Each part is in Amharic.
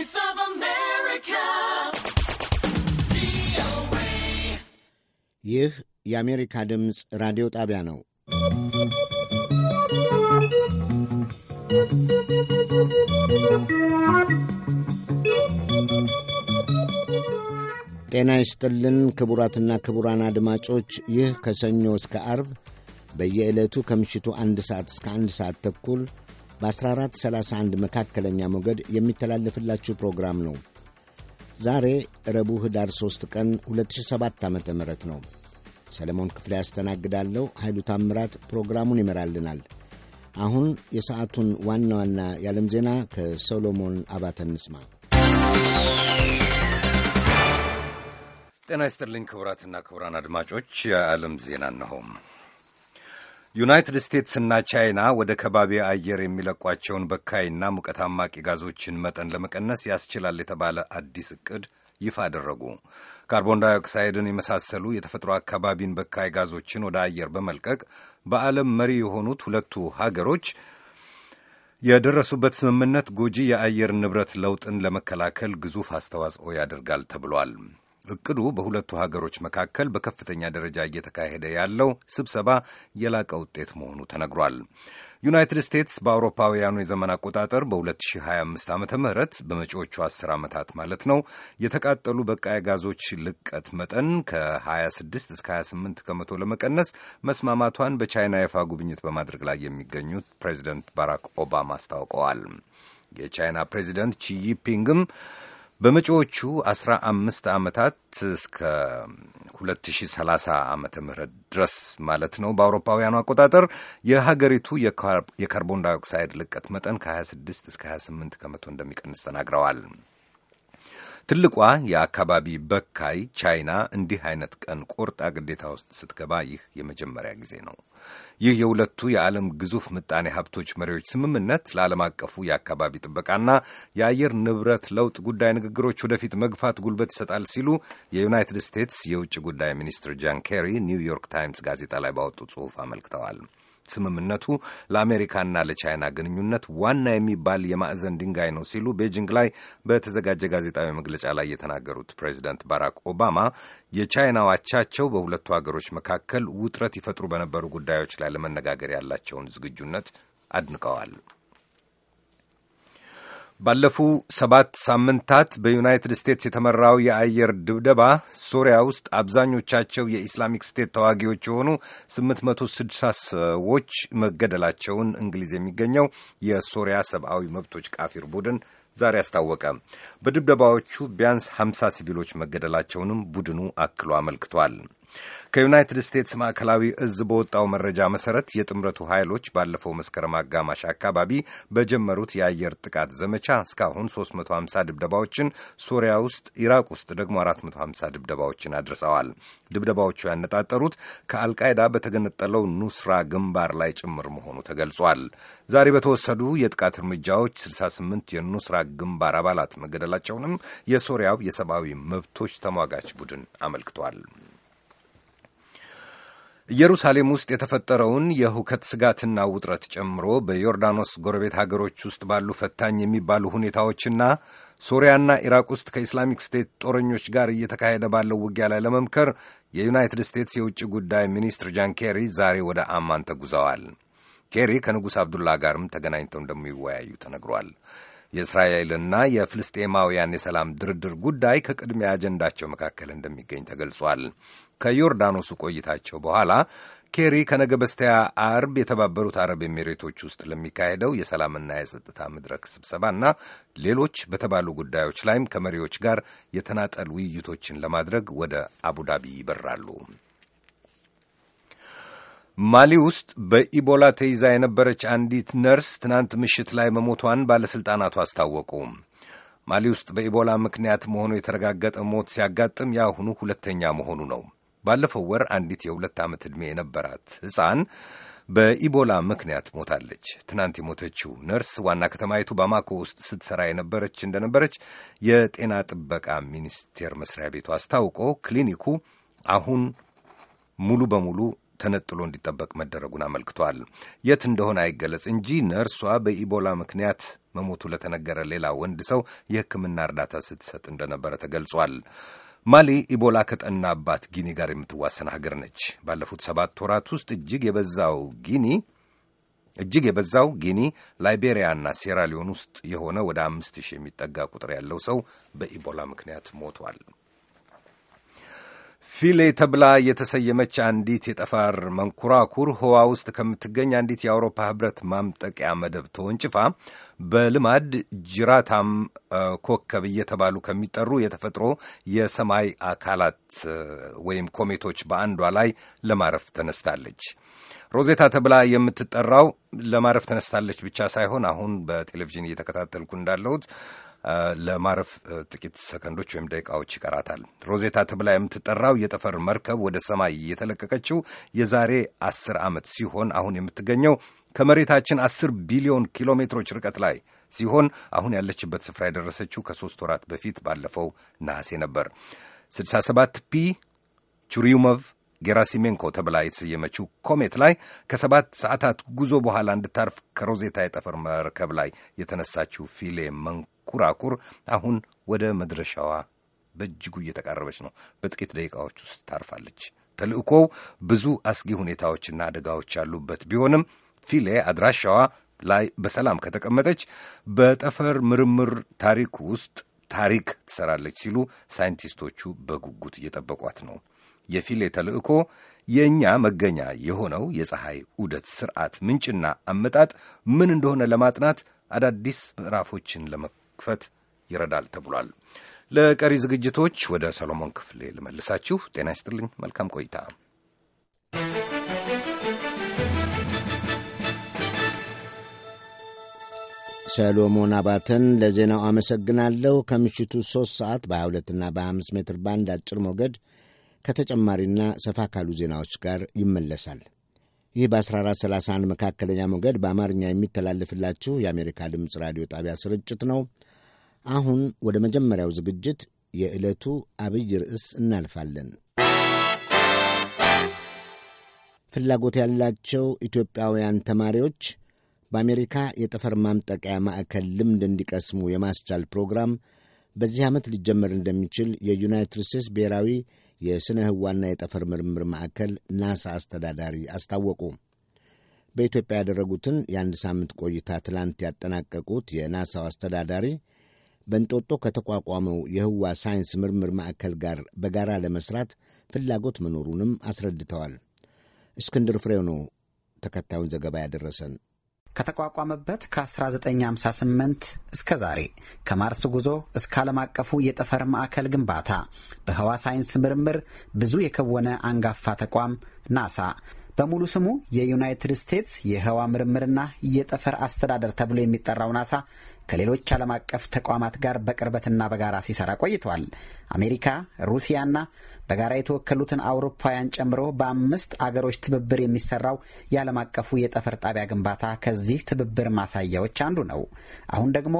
Voice of America. ይህ የአሜሪካ ድምፅ ራዲዮ ጣቢያ ነው። ጤና ይስጥልን ክቡራትና ክቡራን አድማጮች ይህ ከሰኞ እስከ አርብ በየዕለቱ ከምሽቱ አንድ ሰዓት እስከ አንድ ሰዓት ተኩል በ1431 መካከለኛ ሞገድ የሚተላለፍላችሁ ፕሮግራም ነው። ዛሬ ረቡዕ ህዳር 3 ቀን 2007 ዓ ም ነው። ሰለሞን ክፍሌ ያስተናግዳለሁ። ኃይሉ ታምራት ፕሮግራሙን ይመራልናል። አሁን የሰዓቱን ዋና ዋና የዓለም ዜና ከሰሎሞን አባተ እንስማ። ጤና ይስጥልኝ ክቡራትና ክቡራን አድማጮች የዓለም ዜና እነሆም ዩናይትድ ስቴትስና ቻይና ወደ ከባቢ አየር የሚለቋቸውን በካይና ሙቀት አማቂ ጋዞችን መጠን ለመቀነስ ያስችላል የተባለ አዲስ እቅድ ይፋ አደረጉ። ካርቦን ዳይኦክሳይድን የመሳሰሉ የተፈጥሮ አካባቢን በካይ ጋዞችን ወደ አየር በመልቀቅ በዓለም መሪ የሆኑት ሁለቱ ሀገሮች የደረሱበት ስምምነት ጎጂ የአየር ንብረት ለውጥን ለመከላከል ግዙፍ አስተዋጽኦ ያደርጋል ተብሏል። እቅዱ በሁለቱ ሀገሮች መካከል በከፍተኛ ደረጃ እየተካሄደ ያለው ስብሰባ የላቀ ውጤት መሆኑ ተነግሯል። ዩናይትድ ስቴትስ በአውሮፓውያኑ የዘመን አቆጣጠር በ2025 ዓ ም በመጪዎቹ 10 ዓመታት ማለት ነው የተቃጠሉ በቃይ ጋዞች ልቀት መጠን ከ26 እስከ 28 ከመቶ ለመቀነስ መስማማቷን በቻይና የፋ ጉብኝት በማድረግ ላይ የሚገኙት ፕሬዚደንት ባራክ ኦባማ አስታውቀዋል። የቻይና ፕሬዚደንት ቺ ጂንፒንግም በመጪዎቹ 15 ዓመታት እስከ 2030 ዓመተ ምህረት ድረስ ማለት ነው በአውሮፓውያኑ አቆጣጠር የሀገሪቱ የካርቦን ዳይኦክሳይድ ልቀት መጠን ከ26 እስከ 28 ከመቶ እንደሚቀንስ ተናግረዋል። ትልቋ የአካባቢ በካይ ቻይና እንዲህ አይነት ቀን ቆርጣ ግዴታ ውስጥ ስትገባ ይህ የመጀመሪያ ጊዜ ነው። ይህ የሁለቱ የዓለም ግዙፍ ምጣኔ ሀብቶች መሪዎች ስምምነት ለዓለም አቀፉ የአካባቢ ጥበቃና የአየር ንብረት ለውጥ ጉዳይ ንግግሮች ወደፊት መግፋት ጉልበት ይሰጣል ሲሉ የዩናይትድ ስቴትስ የውጭ ጉዳይ ሚኒስትር ጃን ኬሪ ኒውዮርክ ታይምስ ጋዜጣ ላይ ባወጡ ጽሑፍ አመልክተዋል። ስምምነቱ ለአሜሪካና ለቻይና ግንኙነት ዋና የሚባል የማዕዘን ድንጋይ ነው ሲሉ ቤጂንግ ላይ በተዘጋጀ ጋዜጣዊ መግለጫ ላይ የተናገሩት ፕሬዚደንት ባራክ ኦባማ የቻይናው አቻቸው በሁለቱ ሀገሮች መካከል ውጥረት ይፈጥሩ በነበሩ ጉዳዮች ላይ ለመነጋገር ያላቸውን ዝግጁነት አድንቀዋል። ባለፉ ሰባት ሳምንታት በዩናይትድ ስቴትስ የተመራው የአየር ድብደባ ሶሪያ ውስጥ አብዛኞቻቸው የኢስላሚክ ስቴት ተዋጊዎች የሆኑ 860 ሰዎች መገደላቸውን እንግሊዝ የሚገኘው የሶሪያ ሰብአዊ መብቶች ቃፊር ቡድን ዛሬ አስታወቀ። በድብደባዎቹ ቢያንስ 50 ሲቪሎች መገደላቸውንም ቡድኑ አክሎ አመልክቷል። ከዩናይትድ ስቴትስ ማዕከላዊ እዝ በወጣው መረጃ መሰረት የጥምረቱ ኃይሎች ባለፈው መስከረም አጋማሽ አካባቢ በጀመሩት የአየር ጥቃት ዘመቻ እስካሁን 350 ድብደባዎችን፣ ሶሪያ ውስጥ፣ ኢራቅ ውስጥ ደግሞ 450 ድብደባዎችን አድርሰዋል። ድብደባዎቹ ያነጣጠሩት ከአልቃይዳ በተገነጠለው ኑስራ ግንባር ላይ ጭምር መሆኑ ተገልጿል። ዛሬ በተወሰዱ የጥቃት እርምጃዎች 68 የኑስራ ግንባር አባላት መገደላቸውንም የሶሪያው የሰብአዊ መብቶች ተሟጋች ቡድን አመልክቷል። ኢየሩሳሌም ውስጥ የተፈጠረውን የሁከት ስጋትና ውጥረት ጨምሮ በዮርዳኖስ ጎረቤት ሀገሮች ውስጥ ባሉ ፈታኝ የሚባሉ ሁኔታዎችና ሶሪያና ኢራቅ ውስጥ ከኢስላሚክ ስቴት ጦረኞች ጋር እየተካሄደ ባለው ውጊያ ላይ ለመምከር የዩናይትድ ስቴትስ የውጭ ጉዳይ ሚኒስትር ጃን ኬሪ ዛሬ ወደ አማን ተጉዘዋል። ኬሪ ከንጉሥ አብዱላ ጋርም ተገናኝተው እንደሚወያዩ ተነግሯል። የእስራኤልና የፍልስጤማውያን የሰላም ድርድር ጉዳይ ከቅድሚያ አጀንዳቸው መካከል እንደሚገኝ ተገልጿል። ከዮርዳኖሱ ቆይታቸው በኋላ ኬሪ ከነገ በስቲያ አርብ የተባበሩት አረብ ኤሚሬቶች ውስጥ ለሚካሄደው የሰላምና የጸጥታ መድረክ ስብሰባና ሌሎች በተባሉ ጉዳዮች ላይም ከመሪዎች ጋር የተናጠል ውይይቶችን ለማድረግ ወደ አቡዳቢ ይበራሉ። ማሊ ውስጥ በኢቦላ ተይዛ የነበረች አንዲት ነርስ ትናንት ምሽት ላይ መሞቷን ባለሥልጣናቱ አስታወቁ። ማሊ ውስጥ በኢቦላ ምክንያት መሆኑ የተረጋገጠ ሞት ሲያጋጥም የአሁኑ ሁለተኛ መሆኑ ነው። ባለፈው ወር አንዲት የሁለት ዓመት ዕድሜ የነበራት ሕፃን በኢቦላ ምክንያት ሞታለች። ትናንት የሞተችው ነርስ ዋና ከተማይቱ ባማኮ ውስጥ ስትሰራ የነበረች እንደነበረች የጤና ጥበቃ ሚኒስቴር መስሪያ ቤቱ አስታውቆ ክሊኒኩ አሁን ሙሉ በሙሉ ተነጥሎ እንዲጠበቅ መደረጉን አመልክቷል። የት እንደሆነ አይገለጽ እንጂ ነርሷ በኢቦላ ምክንያት መሞቱ ለተነገረ ሌላ ወንድ ሰው የሕክምና እርዳታ ስትሰጥ እንደነበረ ተገልጿል። ማሊ ኢቦላ ከጠናባት ጊኒ ጋር የምትዋሰን ሀገር ነች። ባለፉት ሰባት ወራት ውስጥ እጅግ የበዛው ጊኒ እጅግ የበዛው ጊኒ፣ ላይቤሪያና ሴራሊዮን ውስጥ የሆነ ወደ አምስት ሺህ የሚጠጋ ቁጥር ያለው ሰው በኢቦላ ምክንያት ሞቷል። ፊሌ ተብላ የተሰየመች አንዲት የጠፋር መንኮራኩር ህዋ ውስጥ ከምትገኝ አንዲት የአውሮፓ ህብረት ማምጠቂያ መደብ ተወንጭፋ በልማድ ጅራታም ኮከብ እየተባሉ ከሚጠሩ የተፈጥሮ የሰማይ አካላት ወይም ኮሜቶች በአንዷ ላይ ለማረፍ ተነስታለች። ሮዜታ ተብላ የምትጠራው ለማረፍ ተነስታለች ብቻ ሳይሆን አሁን በቴሌቪዥን እየተከታተልኩ እንዳለሁት ለማረፍ ጥቂት ሰከንዶች ወይም ደቂቃዎች ይቀራታል። ሮዜታ ተብላ የምትጠራው የጠፈር መርከብ ወደ ሰማይ የተለቀቀችው የዛሬ አስር ዓመት ሲሆን አሁን የምትገኘው ከመሬታችን አስር ቢሊዮን ኪሎ ሜትሮች ርቀት ላይ ሲሆን አሁን ያለችበት ስፍራ የደረሰችው ከሦስት ወራት በፊት ባለፈው ነሐሴ ነበር። 67 ፒ ቹሪዩመቭ ጌራሲሜንኮ ተብላ የተሰየመችው ኮሜት ላይ ከሰባት ሰዓታት ጉዞ በኋላ እንድታርፍ ከሮዜታ የጠፈር መርከብ ላይ የተነሳችው ፊሌ መንኮ ኩራኩር አሁን ወደ መድረሻዋ በእጅጉ እየተቃረበች ነው። በጥቂት ደቂቃዎች ውስጥ ታርፋለች። ተልእኮው ብዙ አስጊ ሁኔታዎችና አደጋዎች ያሉበት ቢሆንም ፊሌ አድራሻዋ ላይ በሰላም ከተቀመጠች በጠፈር ምርምር ታሪክ ውስጥ ታሪክ ትሰራለች ሲሉ ሳይንቲስቶቹ በጉጉት እየጠበቋት ነው። የፊሌ ተልእኮ የእኛ መገኛ የሆነው የፀሐይ ዑደት ስርዓት ምንጭና አመጣጥ ምን እንደሆነ ለማጥናት አዳዲስ ምዕራፎችን ለመ ለመክፈት ይረዳል ተብሏል። ለቀሪ ዝግጅቶች ወደ ሰሎሞን ክፍሌ ልመልሳችሁ። ጤና ይስጥልኝ። መልካም ቆይታ። ሰሎሞን አባተን ለዜናው አመሰግናለሁ። ከምሽቱ 3 ሰዓት በ22ና በ25 ሜትር ባንድ አጭር ሞገድ ከተጨማሪና ሰፋ ካሉ ዜናዎች ጋር ይመለሳል። ይህ በ1431 መካከለኛ ሞገድ በአማርኛ የሚተላለፍላችሁ የአሜሪካ ድምፅ ራዲዮ ጣቢያ ስርጭት ነው። አሁን ወደ መጀመሪያው ዝግጅት የዕለቱ አብይ ርዕስ እናልፋለን። ፍላጎት ያላቸው ኢትዮጵያውያን ተማሪዎች በአሜሪካ የጠፈር ማምጠቂያ ማዕከል ልምድ እንዲቀስሙ የማስቻል ፕሮግራም በዚህ ዓመት ሊጀመር እንደሚችል የዩናይትድ ስቴትስ ብሔራዊ የሥነ ሕዋና የጠፈር ምርምር ማዕከል ናሳ አስተዳዳሪ አስታወቁ። በኢትዮጵያ ያደረጉትን የአንድ ሳምንት ቆይታ ትላንት ያጠናቀቁት የናሳው አስተዳዳሪ በእንጦጦ ከተቋቋመው የህዋ ሳይንስ ምርምር ማዕከል ጋር በጋራ ለመስራት ፍላጎት መኖሩንም አስረድተዋል። እስክንድር ፍሬው ነው ተከታዩን ዘገባ ያደረሰን። ከተቋቋመበት ከ1958 እስከ ዛሬ ከማርስ ጉዞ እስከ ዓለም አቀፉ የጠፈር ማዕከል ግንባታ በህዋ ሳይንስ ምርምር ብዙ የከወነ አንጋፋ ተቋም ናሳ በሙሉ ስሙ የዩናይትድ ስቴትስ የህዋ ምርምርና የጠፈር አስተዳደር ተብሎ የሚጠራው ናሳ ከሌሎች ዓለም አቀፍ ተቋማት ጋር በቅርበትና በጋራ ሲሰራ ቆይተዋል። አሜሪካ፣ ሩሲያና በጋራ የተወከሉትን አውሮፓውያን ጨምሮ በአምስት አገሮች ትብብር የሚሰራው የዓለም አቀፉ የጠፈር ጣቢያ ግንባታ ከዚህ ትብብር ማሳያዎች አንዱ ነው። አሁን ደግሞ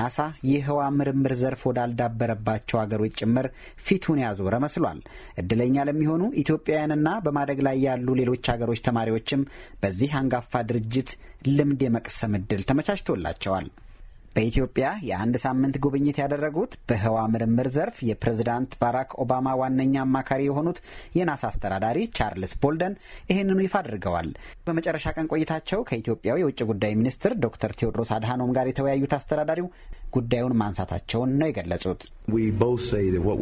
ናሳ የህዋ ምርምር ዘርፍ ወዳልዳበረባቸው አገሮች ጭምር ፊቱን ያዞረ መስሏል። እድለኛ ለሚሆኑ ኢትዮጵያውያንና በማደግ ላይ ያሉ ሌሎች አገሮች ተማሪዎችም በዚህ አንጋፋ ድርጅት ልምድ የመቅሰም እድል ተመቻችቶላቸዋል። በኢትዮጵያ የአንድ ሳምንት ጉብኝት ያደረጉት በህዋ ምርምር ዘርፍ የፕሬዝዳንት ባራክ ኦባማ ዋነኛ አማካሪ የሆኑት የናሳ አስተዳዳሪ ቻርልስ ቦልደን ይህንኑ ይፋ አድርገዋል። በመጨረሻ ቀን ቆይታቸው ከኢትዮጵያው የውጭ ጉዳይ ሚኒስትር ዶክተር ቴዎድሮስ አድሃኖም ጋር የተወያዩት አስተዳዳሪው ጉዳዩን ማንሳታቸውን ነው የገለጹት። We both say uh,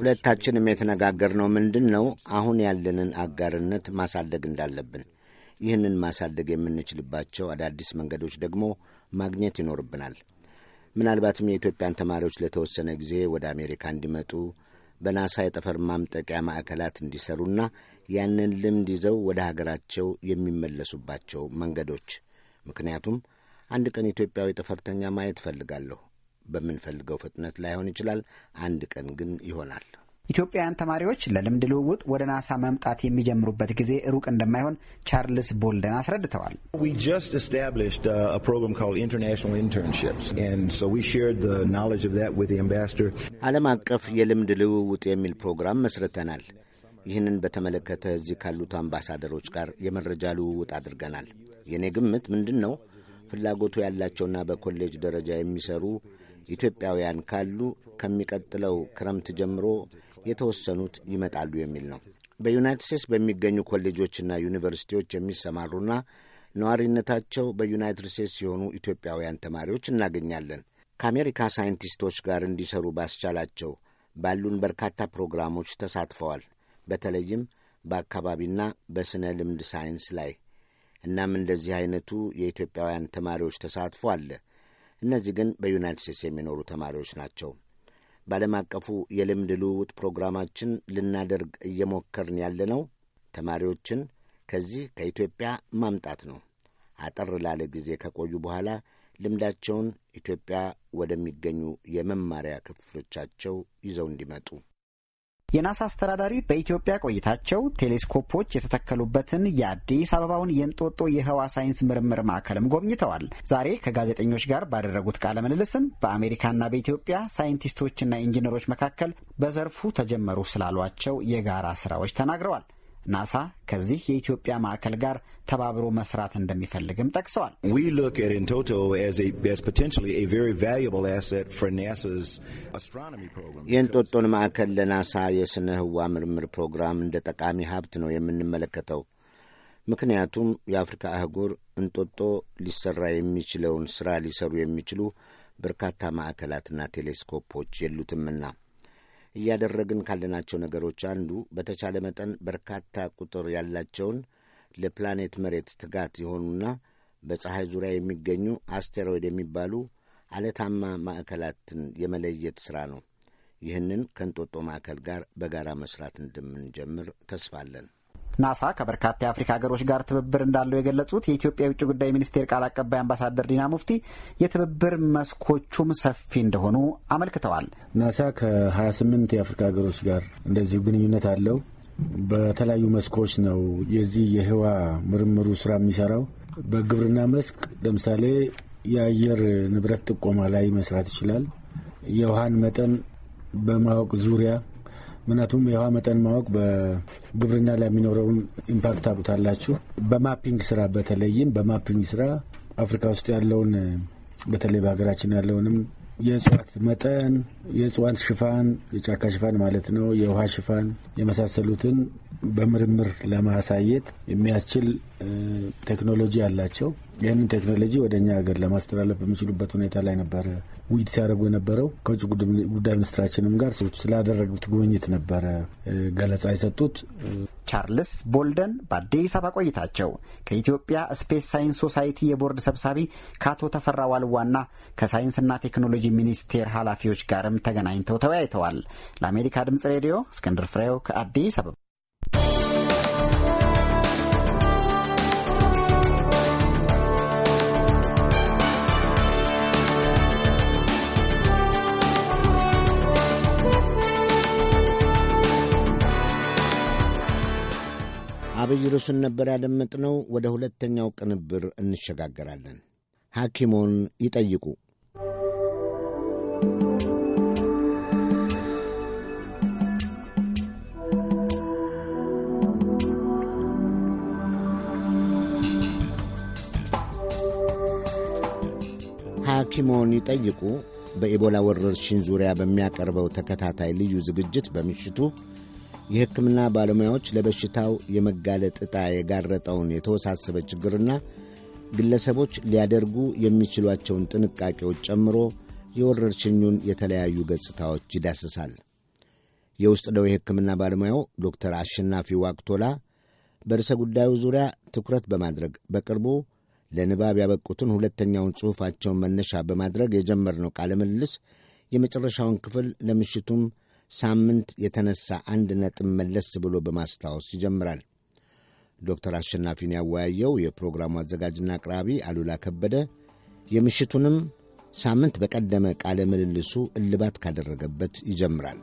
ሁለታችንም የተነጋገርነው ምንድን ነው አሁን ያለንን አጋርነት ማሳደግ እንዳለብን። ይህንን ማሳደግ የምንችልባቸው አዳዲስ መንገዶች ደግሞ ማግኘት ይኖርብናል። ምናልባትም የኢትዮጵያን ተማሪዎች ለተወሰነ ጊዜ ወደ አሜሪካ እንዲመጡ በናሳ የጠፈር ማምጠቂያ ማዕከላት እንዲሰሩና ያንን ልምድ ይዘው ወደ ሀገራቸው የሚመለሱባቸው መንገዶች። ምክንያቱም አንድ ቀን ኢትዮጵያዊ ጠፈርተኛ ማየት እፈልጋለሁ። በምንፈልገው ፍጥነት ላይሆን ይችላል። አንድ ቀን ግን ይሆናል። ኢትዮጵያውያን ተማሪዎች ለልምድ ልውውጥ ወደ ናሳ መምጣት የሚጀምሩበት ጊዜ ሩቅ እንደማይሆን ቻርልስ ቦልደን አስረድተዋል። uh, ዓለም አቀፍ የልምድ ልውውጥ የሚል ፕሮግራም መስርተናል። ይህንን በተመለከተ እዚህ ካሉት አምባሳደሮች ጋር የመረጃ ልውውጥ አድርገናል። የእኔ ግምት ምንድን ነው ፍላጎቱ ያላቸውና በኮሌጅ ደረጃ የሚሰሩ ኢትዮጵያውያን ካሉ ከሚቀጥለው ክረምት ጀምሮ የተወሰኑት ይመጣሉ የሚል ነው። በዩናይትድ ስቴትስ በሚገኙ ኮሌጆችና ዩኒቨርሲቲዎች የሚሰማሩና ነዋሪነታቸው በዩናይትድ ስቴትስ የሆኑ ኢትዮጵያውያን ተማሪዎች እናገኛለን። ከአሜሪካ ሳይንቲስቶች ጋር እንዲሰሩ ባስቻላቸው ባሉን በርካታ ፕሮግራሞች ተሳትፈዋል። በተለይም በአካባቢና በሥነ ልምድ ሳይንስ ላይ። እናም እንደዚህ አይነቱ የኢትዮጵያውያን ተማሪዎች ተሳትፎ አለ። እነዚህ ግን በዩናይትድ ስቴትስ የሚኖሩ ተማሪዎች ናቸው። በዓለም አቀፉ የልምድ ልውውጥ ፕሮግራማችን ልናደርግ እየሞከርን ያለነው ተማሪዎችን ከዚህ ከኢትዮጵያ ማምጣት ነው። አጠር ላለ ጊዜ ከቆዩ በኋላ ልምዳቸውን ኢትዮጵያ ወደሚገኙ የመማሪያ ክፍሎቻቸው ይዘው እንዲመጡ የናሳ አስተዳዳሪ በኢትዮጵያ ቆይታቸው ቴሌስኮፖች የተተከሉበትን የአዲስ አበባውን የእንጦጦ የህዋ ሳይንስ ምርምር ማዕከልም ጎብኝተዋል። ዛሬ ከጋዜጠኞች ጋር ባደረጉት ቃለ ምልልስም በአሜሪካና በኢትዮጵያ ሳይንቲስቶችና ኢንጂነሮች መካከል በዘርፉ ተጀመሩ ስላሏቸው የጋራ ስራዎች ተናግረዋል። ናሳ ከዚህ የኢትዮጵያ ማዕከል ጋር ተባብሮ መስራት እንደሚፈልግም ጠቅሰዋል። የእንጦጦን ማዕከል ለናሳ የስነ ህዋ ምርምር ፕሮግራም እንደ ጠቃሚ ሀብት ነው የምንመለከተው። ምክንያቱም የአፍሪካ አህጉር እንጦጦ ሊሰራ የሚችለውን ስራ ሊሰሩ የሚችሉ በርካታ ማዕከላትና ቴሌስኮፖች የሉትምና እያደረግን ካለናቸው ነገሮች አንዱ በተቻለ መጠን በርካታ ቁጥር ያላቸውን ለፕላኔት መሬት ትጋት የሆኑና በፀሐይ ዙሪያ የሚገኙ አስቴሮይድ የሚባሉ አለታማ ማዕከላትን የመለየት ሥራ ነው። ይህንን ከእንጦጦ ማዕከል ጋር በጋራ መስራት እንደምንጀምር ተስፋ ናሳ ከበርካታ የአፍሪካ ሀገሮች ጋር ትብብር እንዳለው የገለጹት የኢትዮጵያ የውጭ ጉዳይ ሚኒስቴር ቃል አቀባይ አምባሳደር ዲና ሙፍቲ የትብብር መስኮቹም ሰፊ እንደሆኑ አመልክተዋል። ናሳ ከ28 የአፍሪካ ሀገሮች ጋር እንደዚሁ ግንኙነት አለው። በተለያዩ መስኮች ነው የዚህ የህዋ ምርምሩ ስራ የሚሰራው። በግብርና መስክ ለምሳሌ የአየር ንብረት ጥቆማ ላይ መስራት ይችላል። የውሃን መጠን በማወቅ ዙሪያ ምክንያቱም የውሃ መጠን ማወቅ በግብርና ላይ የሚኖረውን ኢምፓክት አቁታላችሁ። በማፒንግ ስራ በተለይም በማፒንግ ስራ አፍሪካ ውስጥ ያለውን በተለይ በሀገራችን ያለውንም የእጽዋት መጠን፣ የእጽዋት ሽፋን፣ የጫካ ሽፋን ማለት ነው፣ የውሃ ሽፋን የመሳሰሉትን በምርምር ለማሳየት የሚያስችል ቴክኖሎጂ አላቸው። ይህንን ቴክኖሎጂ ወደ እኛ ሀገር ለማስተላለፍ በሚችሉበት ሁኔታ ላይ ነበረ ውይይት ሲያደርጉ የነበረው ከውጭ ጉዳይ ሚኒስትራችንም ጋር ስላደረጉት ጉብኝት ነበረ ገለጻ የሰጡት። ቻርልስ ቦልደን በአዲስ አበባ ቆይታቸው ከኢትዮጵያ ስፔስ ሳይንስ ሶሳይቲ የቦርድ ሰብሳቢ ከአቶ ተፈራ ዋልዋና ከሳይንስና ቴክኖሎጂ ሚኒስቴር ኃላፊዎች ጋርም ተገናኝተው ተወያይተዋል። ለአሜሪካ ድምጽ ሬዲዮ እስክንድር ፍሬው ከአዲስ አበባ አብይ ርዕሱን ነበር ያደመጥነው። ወደ ሁለተኛው ቅንብር እንሸጋገራለን። ሐኪሞን ይጠይቁ ሐኪሞን ይጠይቁ በኢቦላ ወረርሽኝ ዙሪያ በሚያቀርበው ተከታታይ ልዩ ዝግጅት በምሽቱ የሕክምና ባለሙያዎች ለበሽታው የመጋለጥ ዕጣ የጋረጠውን የተወሳሰበ ችግርና ግለሰቦች ሊያደርጉ የሚችሏቸውን ጥንቃቄዎች ጨምሮ የወረርሽኙን የተለያዩ ገጽታዎች ይዳስሳል። የውስጥ ደዌ የሕክምና ባለሙያው ዶክተር አሸናፊ ዋቅቶላ በርዕሰ ጉዳዩ ዙሪያ ትኩረት በማድረግ በቅርቡ ለንባብ ያበቁትን ሁለተኛውን ጽሑፋቸውን መነሻ በማድረግ የጀመርነው ቃለ ምልልስ የመጨረሻውን ክፍል ለምሽቱም ሳምንት የተነሳ አንድ ነጥብ መለስ ብሎ በማስታወስ ይጀምራል። ዶክተር አሸናፊን ያወያየው የፕሮግራሙ አዘጋጅና አቅራቢ አሉላ ከበደ የምሽቱንም ሳምንት በቀደመ ቃለ ምልልሱ እልባት ካደረገበት ይጀምራል።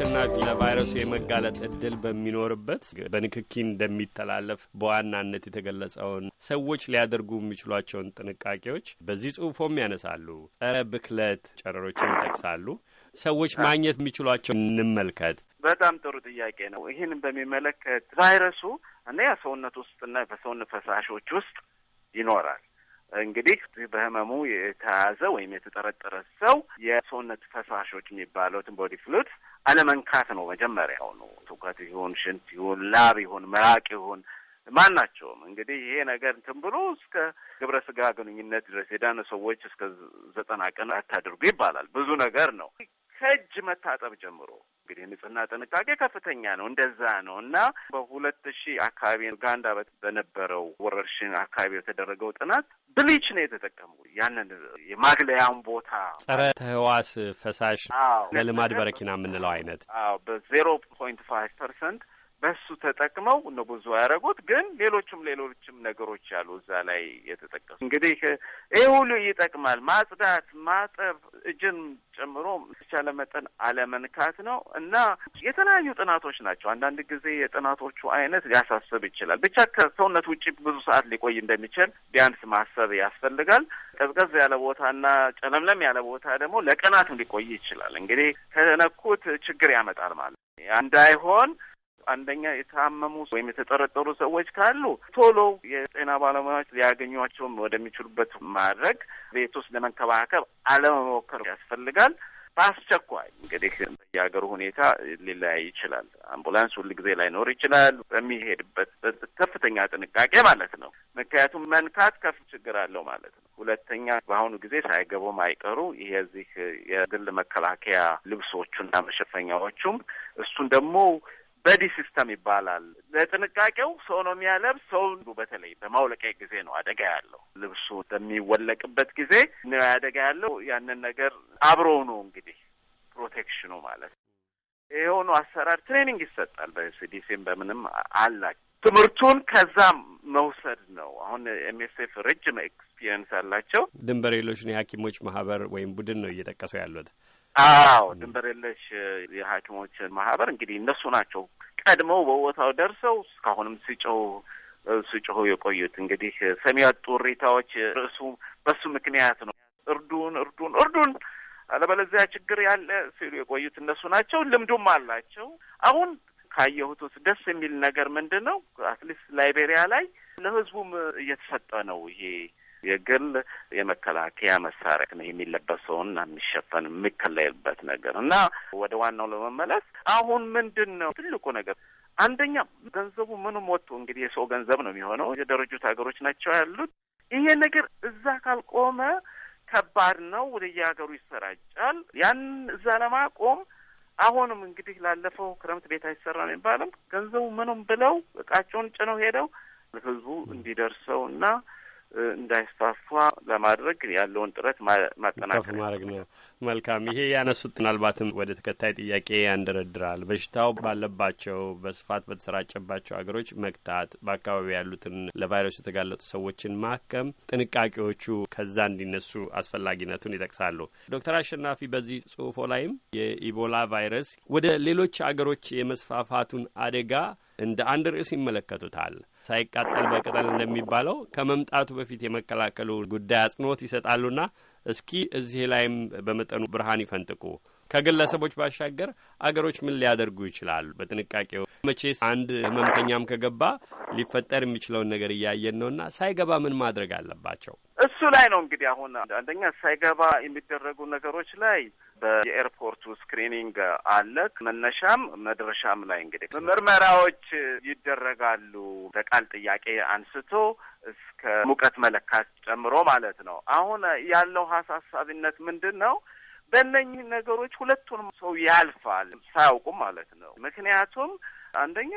ለመተንፈስና ለቫይረሱ የመጋለጥ እድል በሚኖርበት በንክኪ እንደሚተላለፍ በዋናነት የተገለጸውን ሰዎች ሊያደርጉ የሚችሏቸውን ጥንቃቄዎች በዚህ ጽሁፎም ያነሳሉ። ጸረ ብክለት ጨረሮችን ይጠቅሳሉ። ሰዎች ማግኘት የሚችሏቸው እንመልከት። በጣም ጥሩ ጥያቄ ነው። ይህን በሚመለከት ቫይረሱ እና ያ ሰውነት ውስጥና በሰውነት ፈሳሾች ውስጥ ይኖራል። እንግዲህ በህመሙ የተያዘ ወይም የተጠረጠረ ሰው የሰውነት ፈሳሾች የሚባሉትን ቦዲ ፍሉት አለመንካት ነው መጀመሪያው ነው። ትውከት ይሁን ሽንት ይሁን ላብ ይሁን ምራቅ ይሁን ማናቸውም እንግዲህ ይሄ ነገር እንትን ብሎ እስከ ግብረ ስጋ ግንኙነት ድረስ የዳነ ሰዎች እስከ ዘጠና ቀን አታድርጉ ይባላል። ብዙ ነገር ነው ከእጅ መታጠብ ጀምሮ እንግዲህ ንጽህና ጥንቃቄ ከፍተኛ ነው። እንደዛ ነው እና በሁለት ሺህ አካባቢ ኡጋንዳ በነበረው ወረርሽኝ አካባቢ የተደረገው ጥናት ብሊች ነው የተጠቀሙ ያንን የማግለያውን ቦታ ጸረ ተህዋስ ፈሳሽ ለልማድ በረኪና የምንለው አይነት በዜሮ ፖይንት ፋይቭ ፐርሰንት በሱ ተጠቅመው ነው ብዙ ያደረጉት። ግን ሌሎችም ሌሎችም ነገሮች አሉ እዛ ላይ የተጠቀሱ። እንግዲህ ይህ ሁሉ ይጠቅማል። ማጽዳት፣ ማጠብ እጅን ጨምሮ የተቻለ መጠን አለመንካት ነው እና የተለያዩ ጥናቶች ናቸው። አንዳንድ ጊዜ የጥናቶቹ አይነት ሊያሳስብ ይችላል። ብቻ ከሰውነት ውጭ ብዙ ሰዓት ሊቆይ እንደሚችል ቢያንስ ማሰብ ያስፈልጋል። ቀዝቀዝ ያለ ቦታና ጨለምለም ያለ ቦታ ደግሞ ለቀናትም ሊቆይ ይችላል። እንግዲህ ከነኩት ችግር ያመጣል ማለት እንዳይሆን አንደኛ የታመሙ ወይም የተጠረጠሩ ሰዎች ካሉ ቶሎ የጤና ባለሙያዎች ሊያገኟቸውም ወደሚችሉበት ማድረግ ቤት ውስጥ ለመንከባከብ አለመሞከር ያስፈልጋል። በአስቸኳይ እንግዲህ የሀገሩ ሁኔታ ሊለያይ ይችላል። አምቡላንስ ጊዜ ላይኖር ይችላል በሚሄድበት ከፍተኛ ጥንቃቄ ማለት ነው። ምክንያቱም መንካት ከፍ ችግር አለው ማለት ነው። ሁለተኛ በአሁኑ ጊዜ ሳይገቡም አይቀሩ ይሄ የግል መከላከያ ልብሶቹና መሸፈኛዎቹም እሱን ደግሞ በዲ ሲስተም ይባላል። ለጥንቃቄው ሰው ነው የሚያለብስ። ሰው በተለይ በማውለቂያ ጊዜ ነው አደጋ ያለው። ልብሱ በሚወለቅበት ጊዜ ነው አደጋ ያለው። ያንን ነገር አብረው ነው እንግዲህ ፕሮቴክሽኑ ማለት ነው። የሆኑ አሰራር ትሬኒንግ ይሰጣል። በሲዲሲም በምንም አላቸው። ትምህርቱን ከዛ መውሰድ ነው። አሁን ኤምኤስኤፍ ረጅም ኤክስፒሪየንስ አላቸው። ድንበር የለሽ የሐኪሞች ማህበር ወይም ቡድን ነው እየጠቀሱ ያሉት አዎ ድንበር የለሽ የሐኪሞች ማህበር እንግዲህ እነሱ ናቸው ቀድመው በቦታው ደርሰው እስካሁንም ሲጮው ሲጮሁ የቆዩት እንግዲህ ሰሚ ያጡ እሪታዎች ርዕሱ በሱ ምክንያት ነው። እርዱን፣ እርዱን፣ እርዱን አለበለዚያ ችግር ያለ ሲሉ የቆዩት እነሱ ናቸው። ልምዱም አላቸው። አሁን ካየሁት ውስጥ ደስ የሚል ነገር ምንድን ነው? አትሊስት ላይቤሪያ ላይ ለህዝቡም እየተሰጠ ነው ይሄ የግል የመከላከያ መሳሪያ ነው የሚለበሰውና የሚሸፈን የሚከለልበት ነገር እና ወደ ዋናው ለመመለስ አሁን ምንድን ነው ትልቁ ነገር አንደኛ ገንዘቡ ምንም ወጡ እንግዲህ የሰው ገንዘብ ነው የሚሆነው። የደረጁት ሀገሮች ናቸው ያሉት። ይሄ ነገር እዛ ካልቆመ ከባድ ነው። ወደ የሀገሩ ይሰራጫል። ያን እዛ ለማቆም አሁንም እንግዲህ ላለፈው ክረምት ቤት አይሰራ ነው የሚባለው ገንዘቡ ምንም ብለው እቃቸውን ጭነው ሄደው ህዝቡ እንዲደርሰው እና እንዳይስፋፋ ለማድረግ ያለውን ጥረት ማጠናከፍ ማድረግ ነው። መልካም። ይሄ ያነሱት ምናልባትም ወደ ተከታይ ጥያቄ ያንደረድራል። በሽታው ባለባቸው በስፋት በተሰራጨባቸው ሀገሮች መግታት፣ በአካባቢ ያሉትን ለቫይረሱ የተጋለጡ ሰዎችን ማከም፣ ጥንቃቄዎቹ ከዛ እንዲነሱ አስፈላጊነቱን ይጠቅሳሉ። ዶክተር አሸናፊ በዚህ ጽሁፎ ላይም የኢቦላ ቫይረስ ወደ ሌሎች አገሮች የመስፋፋቱን አደጋ እንደ አንድ ርዕስ ይመለከቱታል። ሳይቃጠል በቅጠል እንደሚባለው ከመምጣቱ በፊት የመከላከሉ ጉዳይ አጽንኦት ይሰጣሉና እስኪ እዚህ ላይም በመጠኑ ብርሃን ይፈንጥቁ። ከግለሰቦች ባሻገር አገሮች ምን ሊያደርጉ ይችላሉ? በጥንቃቄው መቼስ አንድ ህመምተኛም ከገባ ሊፈጠር የሚችለውን ነገር እያየን ነውና ሳይገባ ምን ማድረግ አለባቸው? እሱ ላይ ነው እንግዲህ አሁን አንደኛ ሳይገባ የሚደረጉ ነገሮች ላይ በየኤርፖርቱ ስክሪኒንግ አለ። መነሻም መድረሻም ላይ እንግዲህ ምርመራዎች ይደረጋሉ። በቃል ጥያቄ አንስቶ እስከ ሙቀት መለካት ጨምሮ ማለት ነው። አሁን ያለው አሳሳቢነት ምንድን ነው? በእነኝህ ነገሮች ሁለቱንም ሰው ያልፋል ሳያውቁም ማለት ነው። ምክንያቱም አንደኛ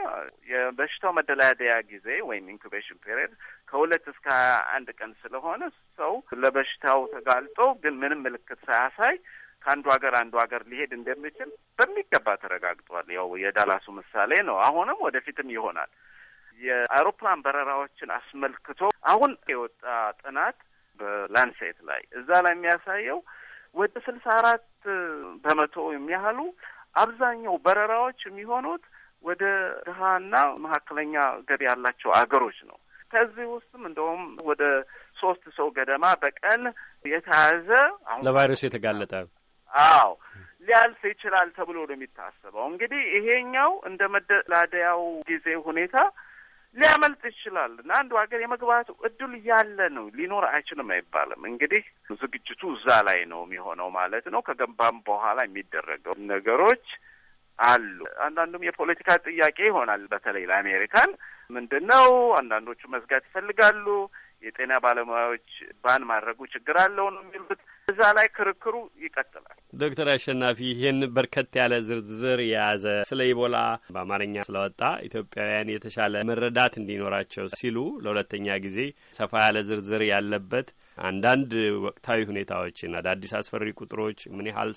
የበሽታው መደላደያ ጊዜ ወይም ኢንኩቤሽን ፔሪየድ ከሁለት እስከ ሀያ አንድ ቀን ስለሆነ ሰው ለበሽታው ተጋልጦ ግን ምንም ምልክት ሳያሳይ ከአንዱ ሀገር አንዱ ሀገር ሊሄድ እንደሚችል በሚገባ ተረጋግጧል። ያው የዳላሱ ምሳሌ ነው። አሁንም ወደፊትም ይሆናል። የአውሮፕላን በረራዎችን አስመልክቶ አሁን የወጣ ጥናት በላንሴት ላይ እዛ ላይ የሚያሳየው ወደ ስልሳ አራት በመቶ የሚያህሉ አብዛኛው በረራዎች የሚሆኑት ወደ ድሀና መካከለኛ ገቢ ያላቸው አገሮች ነው። ከዚህ ውስጥም እንደውም ወደ ሶስት ሰው ገደማ በቀን የተያዘ ለቫይረሱ የተጋለጠ አዎ ሊያልፍ ይችላል ተብሎ ነው የሚታሰበው። እንግዲህ ይሄኛው እንደ መደላደያው ጊዜ ሁኔታ ሊያመልጥ ይችላል እና አንዱ ሀገር የመግባቱ እድል ያለ ነው፣ ሊኖር አይችልም አይባልም። እንግዲህ ዝግጅቱ እዛ ላይ ነው የሚሆነው ማለት ነው። ከገንባም በኋላ የሚደረገው ነገሮች አሉ። አንዳንዱም የፖለቲካ ጥያቄ ይሆናል። በተለይ ለአሜሪካን ምንድን ነው? አንዳንዶቹ መዝጋት ይፈልጋሉ። የጤና ባለሙያዎች ባን ማድረጉ ችግር አለው ነው የሚሉት። እዛ ላይ ክርክሩ ይቀጥላል። ዶክተር አሸናፊ ይህን በርከት ያለ ዝርዝር የያዘ ስለ ኢቦላ በአማርኛ ስለወጣ ኢትዮጵያውያን የተሻለ መረዳት እንዲኖራቸው ሲሉ ለሁለተኛ ጊዜ ሰፋ ያለ ዝርዝር ያለበት አንዳንድ ወቅታዊ ሁኔታዎችን አዳዲስ አስፈሪ ቁጥሮች ምን ያህል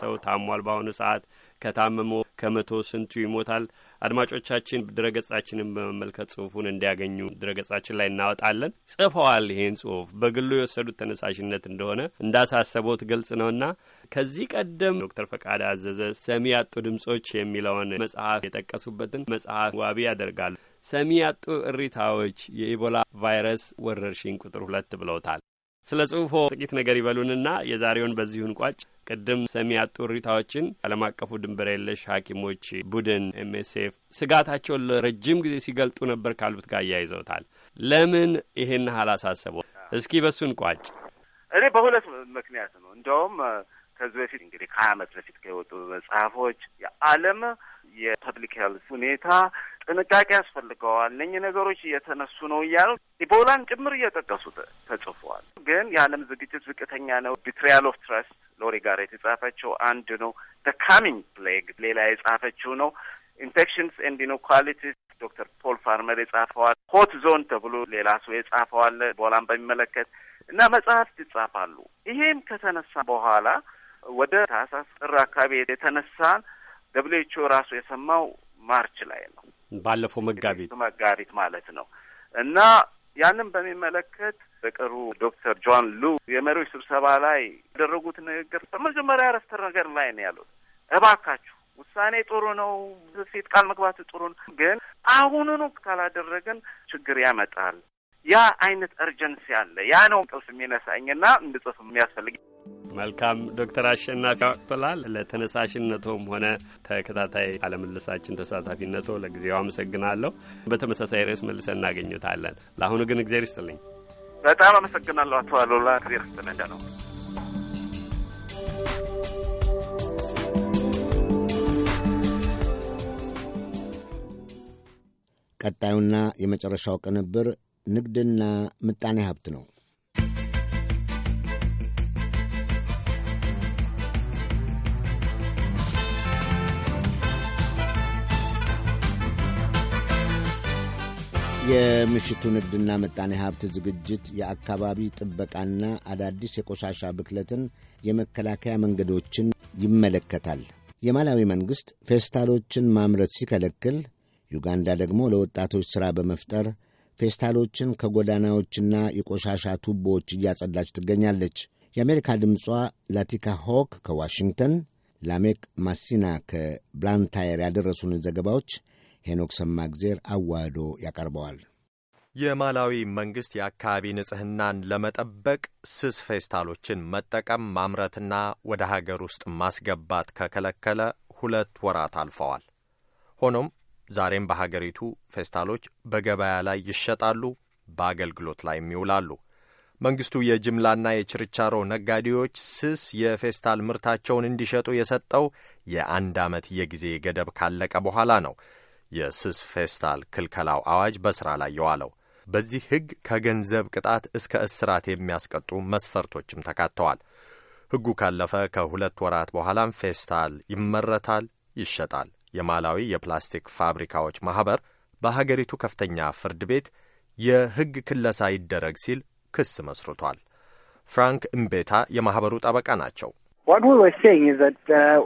ሰው ታሟል፣ በአሁኑ ሰዓት ከታመሞ ከመቶ ስንቱ ይሞታል። አድማጮቻችን ድረገጻችንን በመመልከት ጽሁፉን እንዲያገኙ ድረገጻችን ላይ እናወጣለን። ጽፈዋል። ይህን ጽሁፍ በግሉ የወሰዱት ተነሳሽነት እንደሆነ እንዳሳሰቦት ግልጽ ነውና ከዚህ ቀደም ዶክተር ፈቃድ አዘዘ ሰሚ ያጡ ድምጾች የሚለውን መጽሐፍ የጠቀሱበትን መጽሐፍ ዋቢ ያደርጋሉ። ሰሚ ያጡ እሪታዎች የኢቦላ ቫይረስ ወረርሽኝ ቁጥር ሁለት ብለውታል። ስለ ጽሁፎ ጥቂት ነገር ይበሉንና የዛሬውን በዚሁን ቋጭ። ቅድም ሰሚ ያጡ ሪታዎችን ዓለም አቀፉ ድንበር የለሽ ሐኪሞች ቡድን ኤምኤስኤፍ ስጋታቸውን ለረጅም ጊዜ ሲገልጡ ነበር ካሉት ጋር እያይዘውታል። ለምን ይሄን ያህል አሳሰበው? እስኪ በሱን ቋጭ። እኔ በሁለት ምክንያት ነው እንደውም ከዚህ በፊት እንግዲህ ከሀያ ዓመት በፊት ከወጡ መጽሐፎች የዓለም የፐብሊክ ሄልት ሁኔታ ጥንቃቄ ያስፈልገዋል፣ እነኚህ ነገሮች እየተነሱ ነው እያሉ ኢቦላን ጭምር እየጠቀሱት ተጽፎ ግን የዓለም ዝግጅት ዝቅተኛ ነው። ቢትሪያል ኦፍ ትረስት ሎሪ ጋር የተጻፈችው አንድ ነው። ደ ካሚንግ ፕሌግ ሌላ የጻፈችው ነው። ኢንፌክሽንስ ኤንድ ኢንኳሊቲስ ዶክተር ፖል ፋርመር የጻፈዋል። ሆት ዞን ተብሎ ሌላ ሰው የጻፈዋል። ቦላን በሚመለከት እና መጽሐፍት ይጻፋሉ። ይሄም ከተነሳ በኋላ ወደ ታህሳስ ጥር አካባቢ የተነሳን ደብሊው ኤች ኦ ራሱ የሰማው ማርች ላይ ነው። ባለፈው መጋቢት መጋቢት ማለት ነው እና ያንን በሚመለከት በቅርቡ ዶክተር ጆን ሉ የመሪዎች ስብሰባ ላይ ያደረጉት ንግግር በመጀመሪያ ረፍተ ነገር ላይ ነው ያሉት፣ እባካችሁ ውሳኔ ጥሩ ነው፣ ሴት ቃል መግባት ጥሩ ነው፣ ግን አሁኑኑ ካላደረግን ችግር ያመጣል። ያ አይነት እርጀንሲ አለ። ያ ነው እንቅልፍ የሚነሳኝና እንድጽፍ የሚያስፈልግ። መልካም ዶክተር አሸናፊ ዋቅቶላል ለተነሳሽነቶም ሆነ ተከታታይ አለምልሳችን ተሳታፊነቶ ለጊዜው አመሰግናለሁ። በተመሳሳይ ርዕስ መልሰን እናገኘታለን። ለአሁኑ ግን እግዜር ይስጥልኝ። በጣም አመሰግናለሁ አቶ አሉላ እግዜር ይስጥልኝ ነው ቀጣዩና የመጨረሻው ቅንብር ንግድና ምጣኔ ሀብት ነው። የምሽቱ ንግድና ምጣኔ ሀብት ዝግጅት የአካባቢ ጥበቃና አዳዲስ የቆሻሻ ብክለትን የመከላከያ መንገዶችን ይመለከታል። የማላዊ መንግሥት ፌስታሎችን ማምረት ሲከለክል፣ ዩጋንዳ ደግሞ ለወጣቶች ሥራ በመፍጠር ፌስታሎችን ከጎዳናዎችና የቆሻሻ ቱቦዎች እያጸዳች ትገኛለች። የአሜሪካ ድምጿ ላቲካ ሆክ ከዋሽንግተን፣ ላሜክ ማሲና ከብላንታየር ያደረሱንን ዘገባዎች ሄኖክ ሰማግዜር አዋህዶ ያቀርበዋል። የማላዊ መንግስት የአካባቢ ንጽህናን ለመጠበቅ ስስ ፌስታሎችን መጠቀም ማምረትና ወደ ሀገር ውስጥ ማስገባት ከከለከለ ሁለት ወራት አልፈዋል። ሆኖም ዛሬም በሀገሪቱ ፌስታሎች በገበያ ላይ ይሸጣሉ፣ በአገልግሎት ላይም ይውላሉ። መንግስቱ የጅምላና የችርቻሮ ነጋዴዎች ስስ የፌስታል ምርታቸውን እንዲሸጡ የሰጠው የአንድ ዓመት የጊዜ ገደብ ካለቀ በኋላ ነው የስስ ፌስታል ክልከላው አዋጅ በሥራ ላይ የዋለው። በዚህ ሕግ ከገንዘብ ቅጣት እስከ እስራት የሚያስቀጡ መስፈርቶችም ተካተዋል። ሕጉ ካለፈ ከሁለት ወራት በኋላም ፌስታል ይመረታል፣ ይሸጣል። የማላዊ የፕላስቲክ ፋብሪካዎች ማኅበር በሀገሪቱ ከፍተኛ ፍርድ ቤት የሕግ ክለሳ ይደረግ ሲል ክስ መስርቷል። ፍራንክ እምቤታ የማኅበሩ ጠበቃ ናቸው። uh, uh,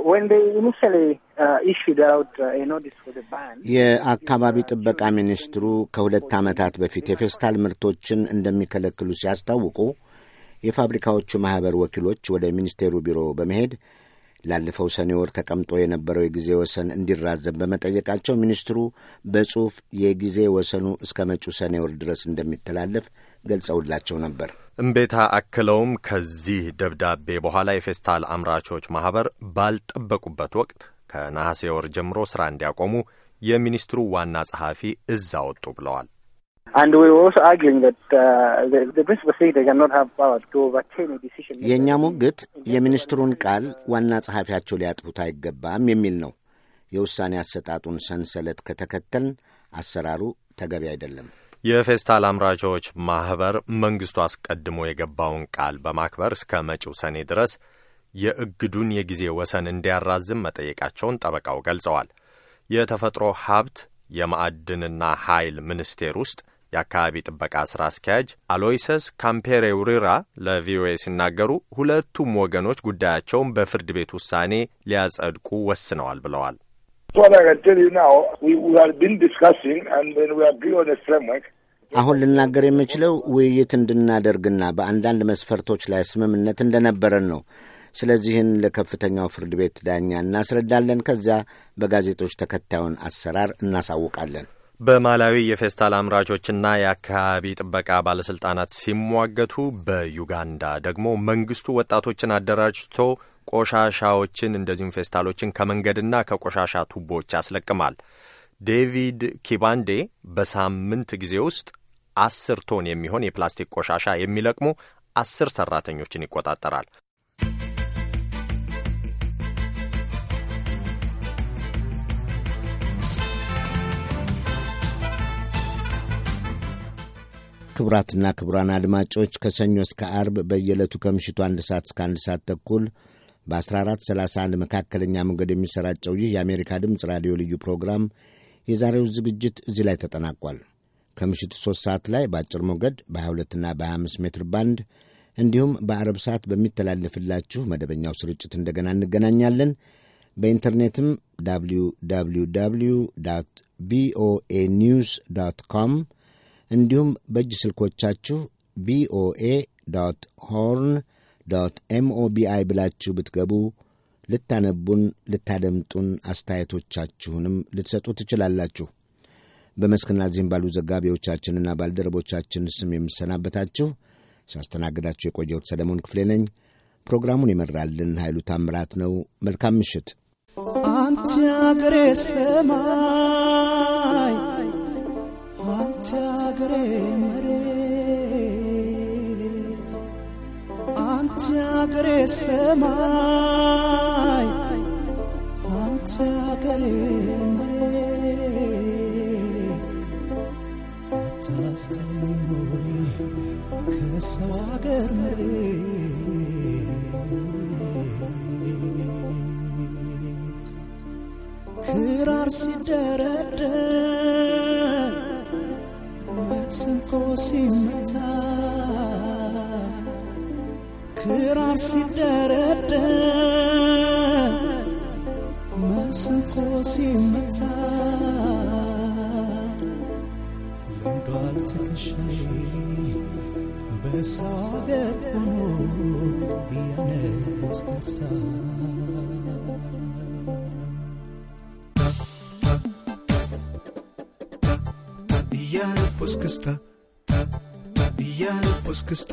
uh, የአካባቢ ጥበቃ ሚኒስትሩ ከሁለት ዓመታት በፊት የፌስታል ምርቶችን እንደሚከለክሉ ሲያስታውቁ የፋብሪካዎቹ ማኅበር ወኪሎች ወደ ሚኒስቴሩ ቢሮ በመሄድ ላለፈው ሰኔ ወር ተቀምጦ የነበረው የጊዜ ወሰን እንዲራዘም በመጠየቃቸው ሚኒስትሩ በጽሑፍ የጊዜ ወሰኑ እስከ መጪው ሰኔ ወር ድረስ እንደሚተላለፍ ገልጸውላቸው ነበር። እምቤታ አክለውም ከዚህ ደብዳቤ በኋላ የፌስታል አምራቾች ማኅበር ባልጠበቁበት ወቅት ከነሐሴ ወር ጀምሮ ሥራ እንዲያቆሙ የሚኒስትሩ ዋና ጸሐፊ እዛ ወጡ ብለዋል። የእኛ ሙግት የሚኒስትሩን ቃል ዋና ጸሐፊያቸው ሊያጥፉት አይገባም የሚል ነው። የውሳኔ አሰጣጡን ሰንሰለት ከተከተልን አሰራሩ ተገቢ አይደለም። የፌስታል አምራቾች ማኅበር መንግሥቱ አስቀድሞ የገባውን ቃል በማክበር እስከ መጪው ሰኔ ድረስ የእግዱን የጊዜ ወሰን እንዲያራዝም መጠየቃቸውን ጠበቃው ገልጸዋል። የተፈጥሮ ሀብት የማዕድንና ኃይል ሚኒስቴር ውስጥ የአካባቢ ጥበቃ ስራ አስኪያጅ አሎይሰስ ካምፔሬ ውሪራ ለቪኦኤ ሲናገሩ ሁለቱም ወገኖች ጉዳያቸውን በፍርድ ቤት ውሳኔ ሊያጸድቁ ወስነዋል ብለዋል። አሁን ልናገር የምችለው ውይይት እንድናደርግና በአንዳንድ መስፈርቶች ላይ ስምምነት እንደነበረን ነው። ስለዚህን ለከፍተኛው ፍርድ ቤት ዳኛ እናስረዳለን። ከዚያ በጋዜጦች ተከታዩን አሰራር እናሳውቃለን። በማላዊ የፌስታል አምራቾችና የአካባቢ ጥበቃ ባለሥልጣናት ሲሟገቱ፣ በዩጋንዳ ደግሞ መንግስቱ ወጣቶችን አደራጅቶ ቆሻሻዎችን እንደዚሁም ፌስታሎችን ከመንገድና ከቆሻሻ ቱቦዎች ያስለቅማል። ዴቪድ ኪባንዴ በሳምንት ጊዜ ውስጥ አስር ቶን የሚሆን የፕላስቲክ ቆሻሻ የሚለቅሙ አስር ሰራተኞችን ይቆጣጠራል። ክቡራትና ክቡራን አድማጮች ከሰኞ እስከ አርብ በየዕለቱ ከምሽቱ አንድ ሰዓት እስከ አንድ ሰዓት ተኩል በ1431 መካከለኛ መንገድ የሚሰራጨው ይህ የአሜሪካ ድምፅ ራዲዮ ልዩ ፕሮግራም የዛሬው ዝግጅት እዚህ ላይ ተጠናቋል። ከምሽቱ 3 ሰዓት ላይ በአጭር ሞገድ በ22ና በ25 ሜትር ባንድ እንዲሁም በአረብ ሰዓት በሚተላለፍላችሁ መደበኛው ስርጭት እንደገና እንገናኛለን። በኢንተርኔትም www ቪኦኤ ኒውስ ዶት ኮም እንዲሁም በእጅ ስልኮቻችሁ ቪኦኤ ዶት ሆርን ዶት ኤምኦቢአይ ብላችሁ ብትገቡ ልታነቡን፣ ልታደምጡን፣ አስተያየቶቻችሁንም ልትሰጡ ትችላላችሁ። በመስክና እዚህም ባሉ ዘጋቢዎቻችንና ባልደረቦቻችን ስም የምሰናበታችሁ ሳስተናግዳችሁ የቆየሁት ሰለሞን ክፍሌ ነኝ። ፕሮግራሙን የመራልን ኃይሉ ታምራት ነው። መልካም ምሽት። አንቺ አገሬ ሰማ ፍቅሬ መሬት አንቺ አገሬ ሰማይ አንቺ አገሬ መሬት አታስተኝኖሪ ከሰው አገር መሬት ክራር ሲደረደር ስንቆ ሲመታ ክራር ሲደረደር መስንቆ ሲመታ በሰው አገር ሆኖ እያነስከስታ እስክስታ እያለ እስክስታ